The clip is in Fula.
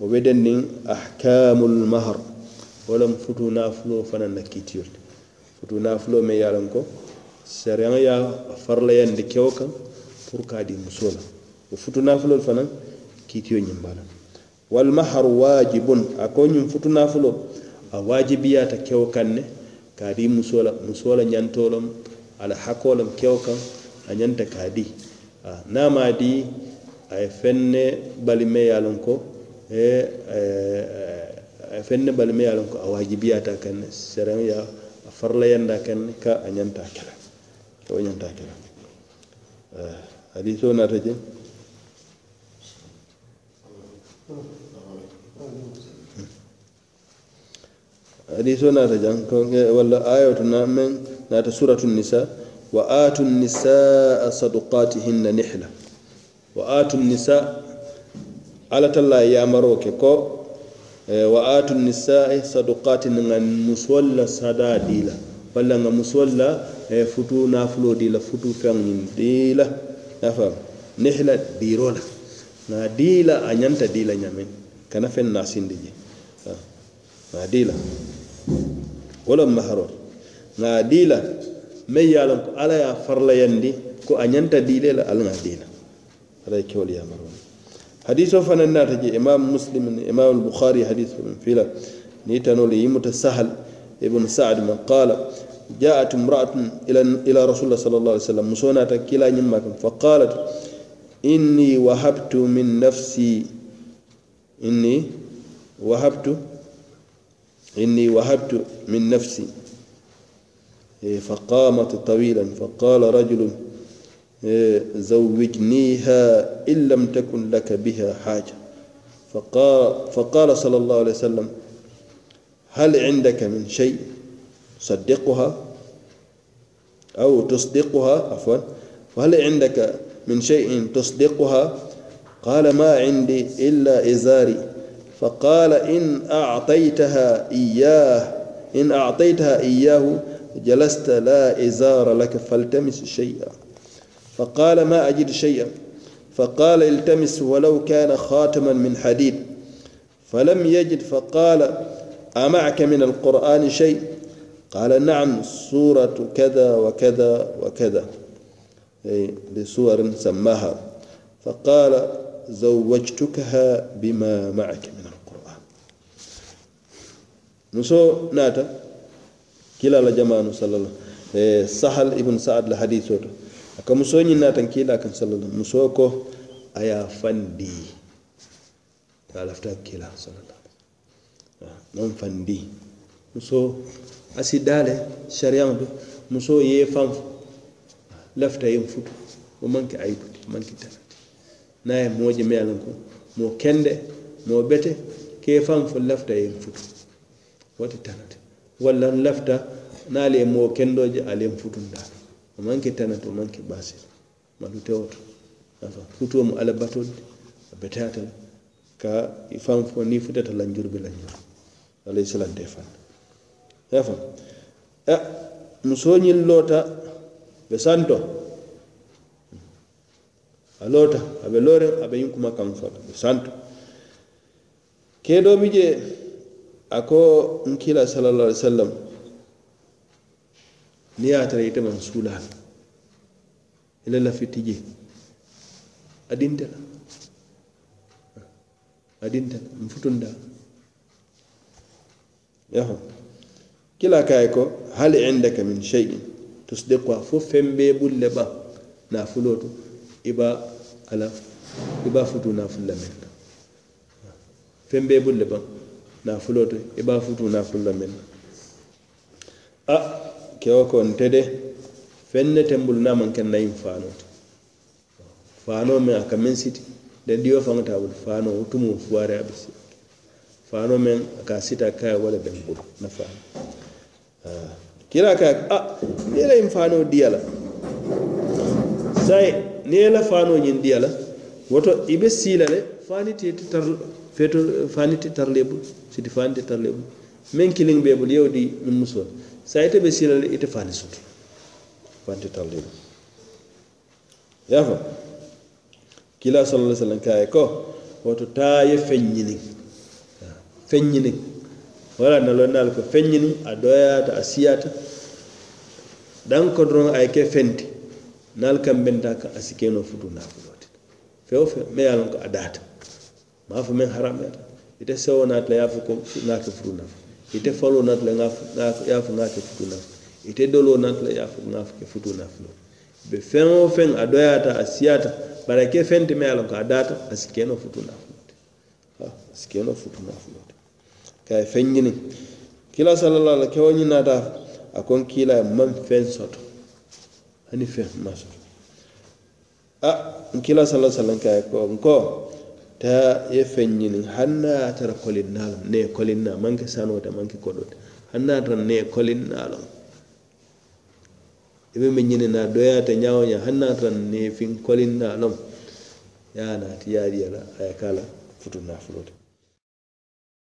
o be den nin ahkamul mahar wolem futu nafulo fana na kiitiyol futu nafulo me ye lon ko sariyaŋ ye farlayandi kewo kan pour ka di muso la o futu nafulol fana kiitiyo ñiŋ bala walmaharu wajibun a ko ñiŋ futu nafulo a waajibiyata kewo kaŋ ne ka di muso la muso la ñanto lom ala hako lom kewo kaŋ a ñanta ka di n'a a di a ye feŋ ne balime ye ko E, e, e, fenne balme ya lon ko a wajibiyata kan seren ya a farla yanda kan ka a nyanta kira ka o nyanta kira hadiso na taje hadiso na taje kan wala ayatu na men na ta suratul nisa wa atun nisaa sadaqatihinna nihla wa atun nisaa alatalla yamaroke ko e, wa atu nisai sadukati nga musolla sada dila walla nga musolla e, futu nafulo dila futu fengin dila afa nehla dirola na dila anyanta dila nyamen kana fen nasinde je na dila wala maharor na dila me yalam ko ala ya farla yandi ko anyanta dile la alna dila ray kewli yamaroke hadiso fana naata امام مسلم امام البخاري حديث من فيلا min fila ni tanole yimuta sahal ibn sa'd جاءت امرأة إلى إلى رسول الله صلى الله عليه وسلم مسونة كلا نمكم فقالت إني وهبت من نفسي إني وهبت إني وهبت من نفسي فقامت طويلا فقال رجل زوجنيها إن لم تكن لك بها حاجة فقال, فقال صلى الله عليه وسلم هل عندك من شيء تصدقها أو تصدقها عفوا وهل عندك من شيء تصدقها قال ما عندي إلا إزاري فقال إن أعطيتها إياه إن أعطيتها إياه جلست لا إزار لك فالتمس شيئا فقال ما أجد شيئا فقال التمس ولو كان خاتما من حديد فلم يجد فقال أمعك من القرآن شيء قال نعم سورة كذا وكذا وكذا أي بسور سماها فقال زوجتكها بما معك من القرآن نسو ناتا كلا لجمانو صلى الله عليه وسلم إيه، سهل ابن سعد الحديث aka muso ñiŋ naatan kiila kaŋ sala lam muso ko a ye a fandi a lafita kiila sala lam noŋ fandi muso a si daa le sariya ma to muso ye faŋ lafita yeŋ futu wo maŋ ke ayibuti wo maŋ ke tarati niŋ a ye moo jemeya laŋ ko moo kende moo bete ke ye faŋ fo lafita yeŋ futu wo te tarati walla n lafita niŋ ali ye moo kendoo je ali yeŋ futundaa le amanke tanato manke basila malute oto afa futuwomo ala batolde a betatal ka fan fo ni futata lanjur be lanjur alay salante fan afa a musoñil loota be santo a loota aɓe loren aɓe yinkuma kan fota ɓe santo keɗomi je ako nkila sallallahu alih w sallam ni ye a tara ite man suulaa la i la lafiti jee a dinte la a dinte la n futunda yaho kila kaye ko hal indaka min cheyin tusdiqu a fo fembe bulle ba naafuloo to i ba ala i ba futu naafulla men na fembe bulle ba naafuloo to i ba futu naafulla men na ah, a kewokon tede fenne tembulu naman ken nayin fanoti fano men aka men siti de diyo fangata wul fano utumu fuware abisi fano men aka sita kaya wale ben bulu na fano uh, kira kaya ah, nila yin fano diyala say nila fano yin diyala woto ibe sila le fani ti tar feto fani ti tar lebu siti fani ti tar lebu men kiling bebul yewdi min musol sa ite ɓe silale ite fani sutu fanti tallima yafa kila sallalah sallam kaye ko woto taye feññini feññini wala nalonnal ko feññini a doyata a siyata ɗan ko ron ay ke fenti nal kam benta ka a sikeno futu nafulote fewo fe me yalon ko a data mafo men harameta ite sewo natla yafo ko naka futu nafo ite falo nafle yafu ngake futu nafle ite dolo nafle yafu ngake futu nafle be fen o fen a doyata a siyata bara ke fen teme alon ka data a sikeno futu nafle a sikeno futu nafle ka e fen gini kila salala la ke wanyi nata a kon kila man fen soto hani fen masoto a ah, kila salala salan ka e ko nko ta ye feññini hanna tara kolinnaalom ne ye kolinna manke sanote manke kodote hanna tara ne ye kolinnaalom ibe me ñine na doyate ñawoña hanna tara ne fin kolinnaalom yanati yaadiyala aya kala futu nafulote